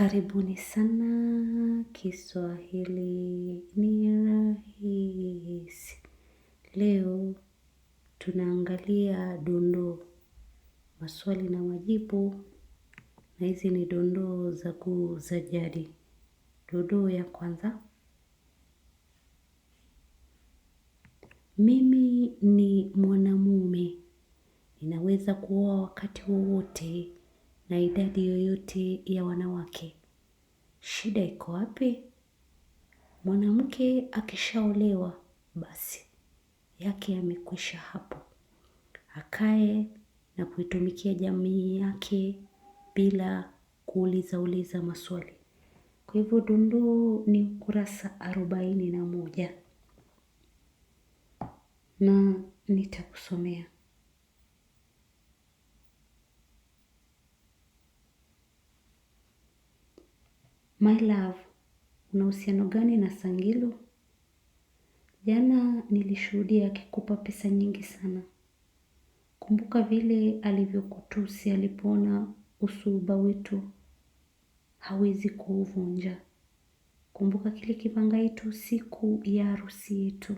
Karibuni sana kiswahili ni rahisi. Leo tunaangalia dondoo, maswali na majibu, na hizi ni dondoo za kuu za jadi. Dondoo ya kwanza, mimi ni mwanamume, ninaweza kuoa wakati wowote na idadi yoyote ya wanawake. Shida iko wapi? Mwanamke akishaolewa basi yake yamekwisha hapo, akae na kuitumikia jamii yake bila kuuliza uliza maswali. Kwa hivyo dundu ni ukurasa arobaini na moja na nitakusomea. My love, una uhusiano gani na Sangilu? Jana nilishuhudia akikupa pesa nyingi sana. Kumbuka vile alivyokutusi alipoona usuuba wetu hawezi kuuvunja. Kumbuka kile kipanga kipangaitu siku ya harusi yetu.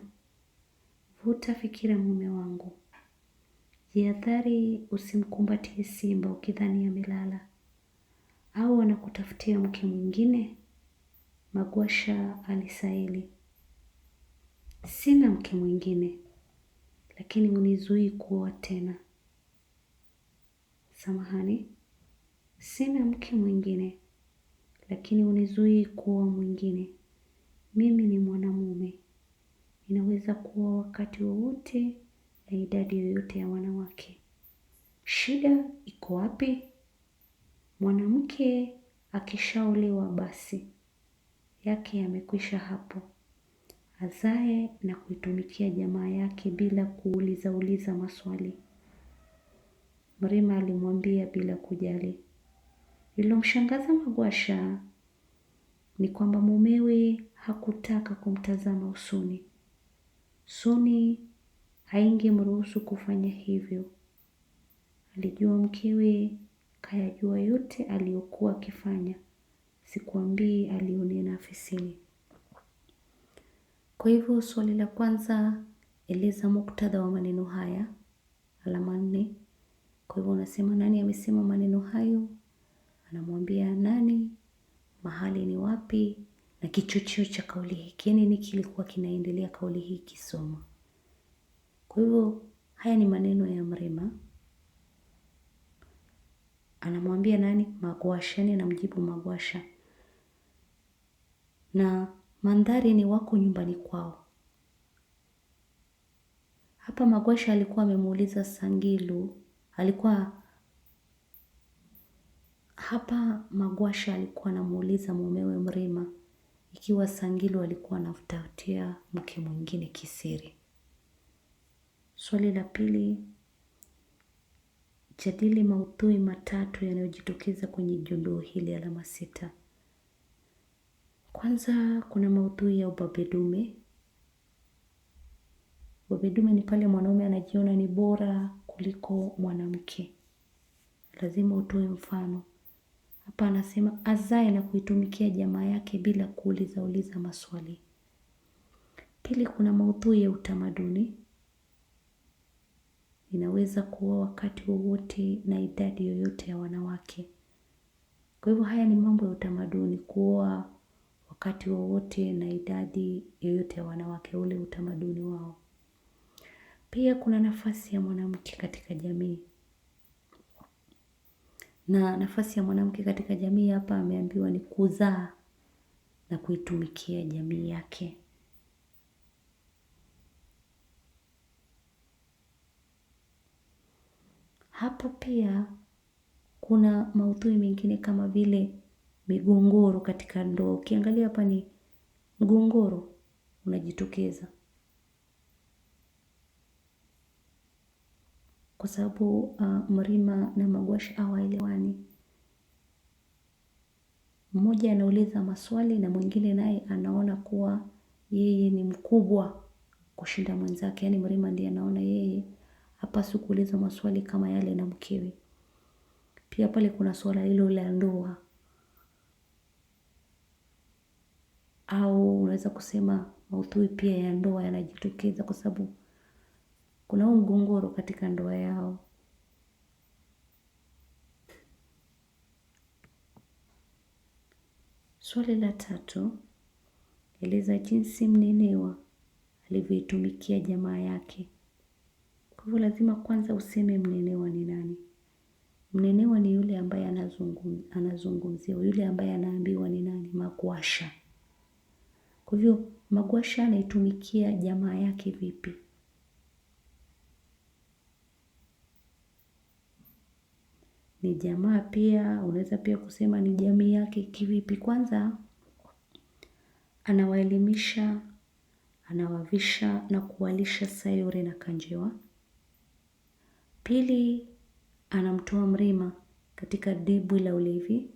Vuta fikira, mume wangu. Jihadhari, usimkumbatie simba ukidhani amelala au wanakutafutia mke mwingine? Magwasha alisaili, sina mke mwingine, lakini unizui kuoa tena. Samahani, sina mke mwingine, lakini unizui kuoa mwingine. Mimi ni mwanamume, inaweza kuwa wakati wowote na idadi yoyote ya wanawake. Shida iko wapi? Mwanamke akishaolewa basi yake yamekwisha hapo. Azae na kuitumikia jamaa yake bila kuuliza uliza maswali. Mrima alimwambia bila kujali. Lilomshangaza Magwasha ni kwamba mumewe hakutaka kumtazama usoni. Soni haingemruhusu kufanya hivyo. Alijua mkewe kayajua yote aliyokuwa akifanya, sikuambii alionena afisini. Kwa hivyo swali la kwanza, eleza muktadha wa maneno haya, alama nne. Kwa hivyo unasema nani amesema maneno hayo, anamwambia nani, mahali ni wapi, na kichocheo cha kauli hiki, yaani ni kilikuwa kinaendelea kauli hii kisoma. Kwa hivyo haya ni maneno ya Mrima. Anamwambia nani? Magwasha. Yani anamjibu Magwasha. Na mandhari ni wako nyumbani kwao. Hapa Magwasha alikuwa amemuuliza Sangilu, alikuwa hapa Magwasha alikuwa anamuuliza mumewe Mrima ikiwa Sangilu alikuwa anamtafutia mke mwingine kisiri. Swali la pili jadili maudhui matatu yanayojitokeza kwenye jondoo hili alama sita. Kwanza kuna maudhui ya ubabe dume. Ubabe dume ni pale mwanaume anajiona ni bora kuliko mwanamke, lazima utoe mfano. Hapa anasema azae na kuitumikia jamaa yake bila kuuliza uliza maswali. Pili, kuna maudhui ya utamaduni inaweza kuoa wakati wowote na idadi yoyote ya wanawake. Kwa hivyo haya ni mambo ya utamaduni kuoa wakati wowote na idadi yoyote ya wanawake ule utamaduni wao. Pia kuna nafasi ya mwanamke katika jamii. Na nafasi ya mwanamke katika jamii hapa ameambiwa ni kuzaa na kuitumikia jamii yake. Hapa pia kuna maudhui mengine kama vile migongoro katika ndoa. Ukiangalia hapa ni mgongoro unajitokeza. Kwa sababu uh, Mrima na Magwashi hawaelewani. Mmoja anauliza maswali na mwingine naye anaona kuwa yeye ni mkubwa kushinda mwenzake, yaani Mrima ndiye anaona yeye hapaswi kuuliza maswali kama yale na mkewe. Pia pale kuna suala hilo la ndoa, au unaweza kusema maudhui pia ya ndoa yanajitokeza, kwa sababu kuna huu mgongoro katika ndoa yao. Swali la tatu, eleza jinsi mnenewa alivyoitumikia jamaa yake. Kwa hivyo lazima kwanza useme mnenewa ni nani. Mnenewa ni yule ambaye anazungumziwa, yule ambaye anaambiwa ni nani, magwasha. Kwa hivyo magwasha anaitumikia jamaa yake vipi? Ni jamaa pia, unaweza pia kusema ni jamii yake kivipi? Kwanza anawaelimisha, anawavisha na kuwalisha sayuri na kanjewa. Pili, anamtoa Mrima katika dibwi la ulevi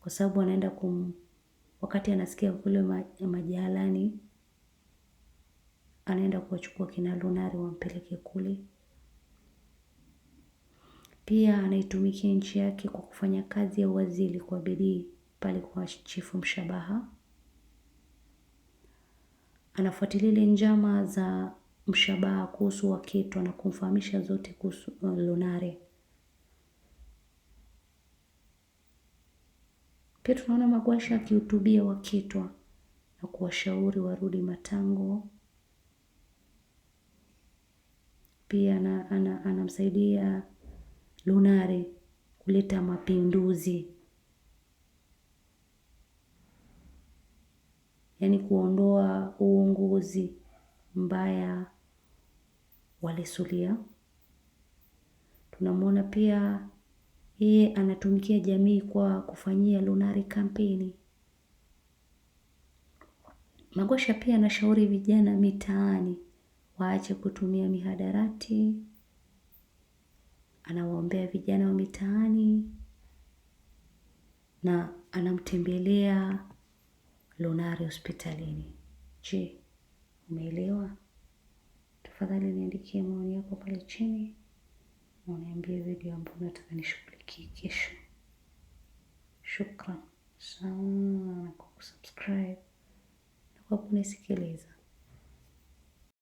kwa sababu anaenda kum, wakati anasikia kule majalani, anaenda kuwachukua kina Lunari wampeleke kule. Pia anaitumikia nchi yake kwa kufanya kazi ya uwaziri kwa bidii pale kwa Chifu Mshabaha. Anafuatilia ile njama za mshabaha kuhusu Waketwa na kumfahamisha zote kuhusu uh, lunare Pia tunaona Magwasha akihutubia Waketwa na kuwashauri warudi Matango. Pia anamsaidia ana, ana Lunare kuleta mapinduzi, yaani kuondoa uongozi mbaya walisulia. Tunamwona pia yeye anatumikia jamii kwa kufanyia lunari kampeni. Magosha pia anashauri vijana mitaani waache kutumia mihadarati. Anawaombea vijana wa mitaani na anamtembelea lunari hospitalini. Je, umeelewa? Tafadhali niandikie maoni yako pale chini na uniambie video ambayo unataka nishughulikie kesho. Shukran sana kwa kusubscribe na kwa kunisikiliza.